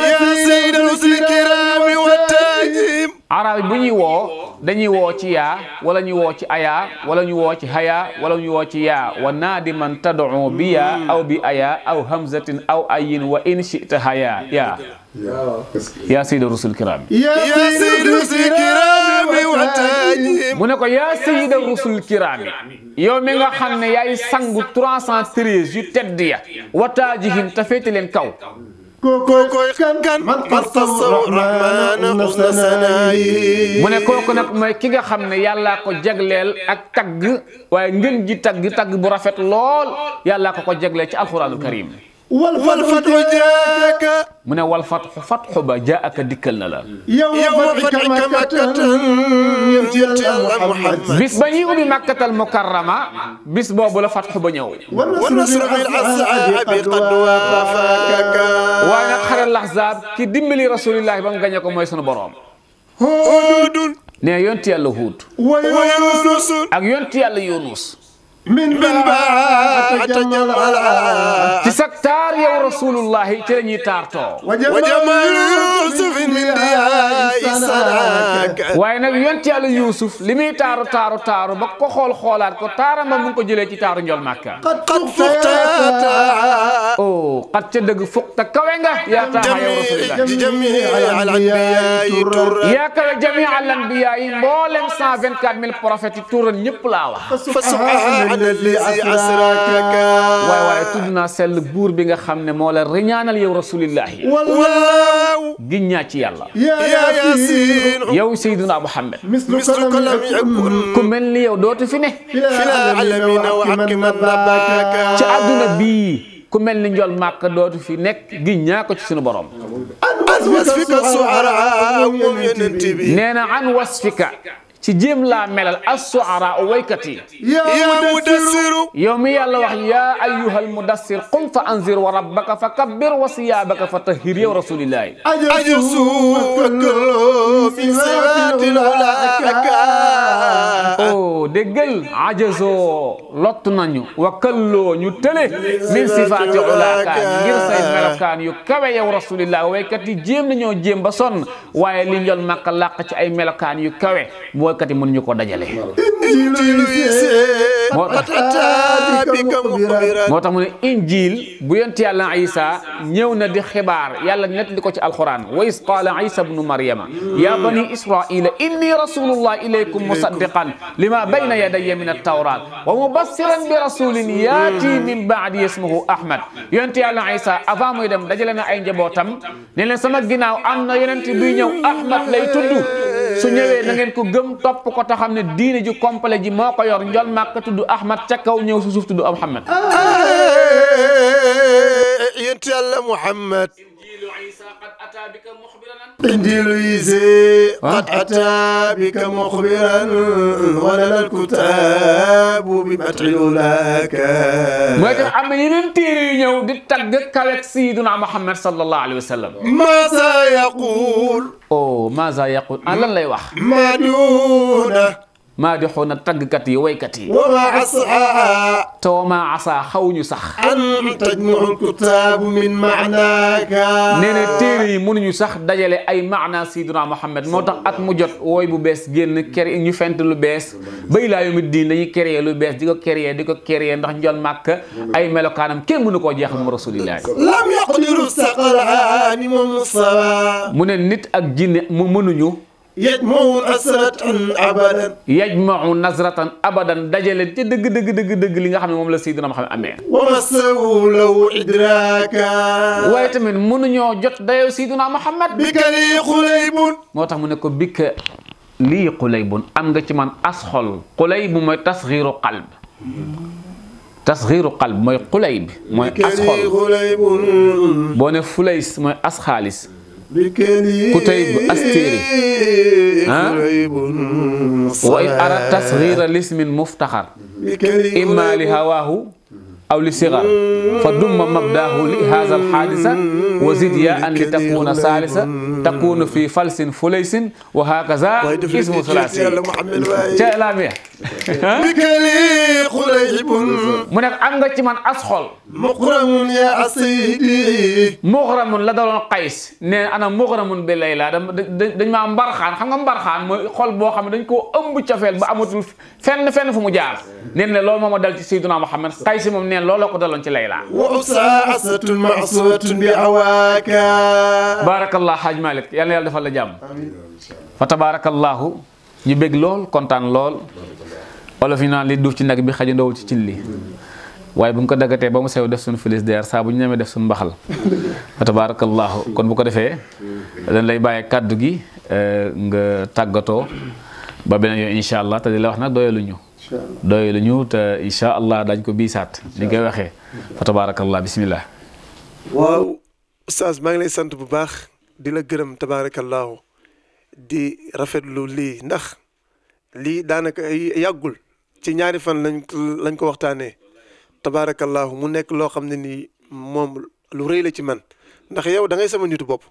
sayyidal rusul kirami wa tajim arab bu ñuy woo dañuy woo ci yaa wala ñu woo ci ayaa wala ñu woo ci hayaa wala ñu woo ci yaa wa naadi tad'u bi yaa aw bi ayaa aw hamzatin aw ayin wa in shi'ta hayaa yaa يا سيد الرسل الكرام يا سيد الرسل الكرام Mune ko Ya سيد Rusul Kiram. Yo mi nga xam ne yaay sangu 313 yu tedd ya wataajihim te féete leen kaw kokoy kan kan man tasawwur rahman muhsanai mu ne ko nag mooy ki nga xam ne yàllaa ko jaglel ak tagg waaye ngeen ji tagg tagg bu rafet lool yàllaa ko ko jagleel ci alxuraanul karim wal fatxu jaaka mu ne wal fatxu fatxu ba jaaka dikkal na la. yow ma fatxi ka makkatan bis ba ñuy ubbi makkatal mukarrama bis boobu la fatxu ba ñëw. wa nasru bil ahzaabi qad waafaaka. waaye nag xaral ahzaab ki dimbali rasulillahi ba mu gañe ko mooy sunu boroom. Huudun. nee yonti yàlla Huud. wa Yunus ak yonti min baat a jamala ci sak taar yow ya rasulullahi ci lañuy tarto wa yusuf min diya sanaka way nak yont yalla yusuf limi muy taaru taaru ba ko xol xolat ko taaram ba mu ko jele ci taru ndol makka qad fuqta o oh, qad ca deug fuqta kawe nga ya ta ya rasulillah yaa al anbiyaa yi 124000 124 tour prophètes la wax الذي أسراك waay waay tudd naa sell buur bi nga xam ne moo la reñaanal yow rasulillahi wallaaw gin ñaa ci yàlla yow sayduna Muhammad misluka lam yakun ku mel ni yow dootu fi ne ci àdduna bii ku mel ni njol màkk dootu fi nekk gin ñaa ko ci sunu borom an wasfika suara nee na an wasfika ci jéem la melal assuara waykat yi yaa mudassiru yow mi yàlla wax yaa ayyuhal mudassir qum fa anzir wa rabbaka fa kabbir wa siyaabaka fa tahhir yow rasulillahi o oh, déggal ajazoo lott nañu wa kalloo ñu tële min sifaati ulaakaan ngir say melokaan yu kawe yow rasulillahi waykat yi jéem nañoo jéem ba sonn waaye li njol màkk làq ci ay melokaan yu kawe woykat yi mënuñu ko dajalé motax mu ne injil bu yent yalla isa ñewna na di xibaar yàlla di ko ci alquran wa is qaala isa ibn maryama ya bani israila inni rasulullah ilaykum musaddiqan lima bayna yadayya min at-taurat wa mubassiran bi rasulin yati min ba'di ismuhu ahmad yent yalla isa avant muy dem dajale na ay njabotam ne len sama ginaaw amna na yonent buy ahmad lay tuddu su ñewé na ngeen ko gëm top ko taxamne diine ji complet ji moko yor njol makka tuddu ahmad ca kaw ñew su suuf tuddu ahmad yent yalla muhammad انجيل عيسى قد اتى بك مخبرا ولنا الكتاب بفتح الاولاك ما تفهم من تيري نيو دي تاغ كاوك سيدنا محمد صلى الله عليه وسلم ما سيقول يقول أو ماذا يقول أنا لا يوخ مدونه maadixuuna tàggkat yi waykat yi. wama asaa. te wama asaa xawuñu sax. an tajmuu kutaabu min maanaaka. yi mënuñu sax dajale ay maana Sayyidina Muhammad moo tax at mu jot wooy bu bees génn kere ñu fent lu bees bay laa yawmi diin dañuy créé lu bees di ko créé di ko créé ndax ñu doon màkk ay melokaanam kenn mënu koo jeexal mu rasulillahi. lam yaqdiru saqalaani mu ne nit ak jinne mu mënuñu. يجمع نزرة أبدا يجمع نظرة أبدا دجل دغ دغ دغ دغ ليغا خا موم لا سيدنا محمد امين ومسو لو ادراكا وايت من منو ньо جوت دايو سيدنا محمد بك لي قليب موتاخ مو نيكو بك لي قليب امغا تي مان اسخول قليب مو تصغير قلب تصغير قلب مو قليب مو اسخول بوني فليس مو اسخاليس كتيب أستيري وإن أردت تصغير الاسم المفتخر إما لهواه أو لصغر فضم مبداه لهذا الحادثة وزد ياء لتكون ثالثة تكون في فلس فليس وهكذا اسم ثلاثي جاء [LAUGHS] بكلي خليب منك أنك من أسخل مغرم يا أسيدي مغرم لدول قيس نين أنا مغرم بالليلة دنج ما مبرخان خم مبرخان خل بو خم دنج كو أم بتشافل بأموت فن فن فمجار نين لول ما مدل سيدنا محمد قيس من نين neen looloo ko daloon ci Layla wa saasatun masatun bi awaaka baarakallah Haaj Malick yal na yàlla defal la jàmm fa tabaarakallahu ñu bég lool kontaan lool wala fi naan li duuf ci nag bi xaju ndawul ci cin li waaye bu ñu ko daggatee ba mu sew def suñu filis der bu ñu nemee def suñu mbaxal fa tabaarakallahu kon bu ko defee dañ lay bàyyi kàddu gi eh, nga tàggatoo ba beneen yoon incha allah te di la wax nag doyaluñu doy lu ñu te incha allah dañ ko biisaat ni nga koy waxee fa tabaarakallah bismillah waaw oustaz maa ngi lay sant bu baax di la gërëm tabaarakallaahu di rafetlu lii ndax lii daanaka yàggul ci ñaari fan lañ lañ ko waxtaanee tabaarakallaahu mu nekk loo xam ne nii moom lu rëy la ci man ndax yow dangay sama nitu bopp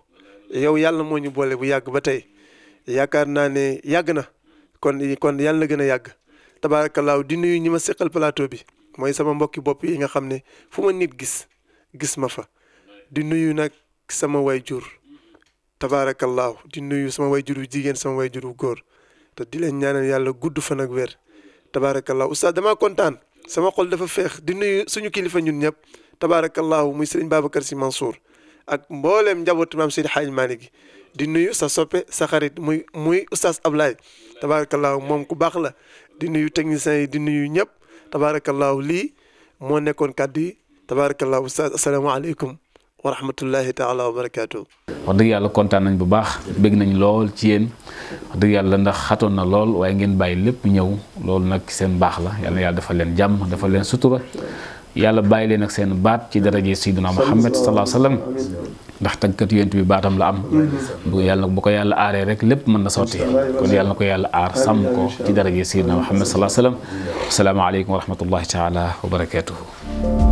yow yàlla moo ñu boole bu yàgg ba tey yaakaar naa ne yàgg na kon kon yàlla na gën a yàgg tabaarakallaahu di nuyu ñi ma seqal plateau bi mooy sama mbokki bopp yi nga xam ne fu ma nit gis gis ma fa di nuyu nag sama wayjur tabaarakallaahu di nuyu sama jur wu jigéen sama wayjur wu góor te di leen ñaanal yàlla gudd fan ak weer tabaarakallaahu oustaz dama kontaan sama xol dafa feex di nuyu suñu kilifa ñun ñëpp tabaarakallaahu muy sëriñ Babacar Sy Mansour ak mbooleem njabootu maam Seydi Hadj Malick gi di nuyu sa soppe sa xarit muy muy oustaz Ablaye moom ku baax la di nuyu techniciens yi di nuyu ñëpp tabaarakallaahu lii moo nekkoon kàddu yi tabaarakallaahu ustaas asalaamaaleykum wa rahmatullahi taala wa barakaatu. wax dëgg yàlla kontaan nañ bu baax bëgg nañ lool ci yéen wax dëgg yàlla ndax xatoon na lool waaye ngeen bàyyi lépp ñëw loolu nag seen baax la yàlla na yàlla dafa leen jàmm dafa leen sutura yàlla bàyyi leen ak seen baat ci daraje Seydina Muhammad sallallahu alayhi ndax tagkat yonent bi baatam la am bu yàlla bu ko yàlla aaree rek lépp mën na sotti kon yàlla na ko yàlla aar sàmm ko ci daraje sayyidina Muhammad sallallahu alayhi wa sallam asalaamaaleykum wa rahmatullahi taala wa barakatuhu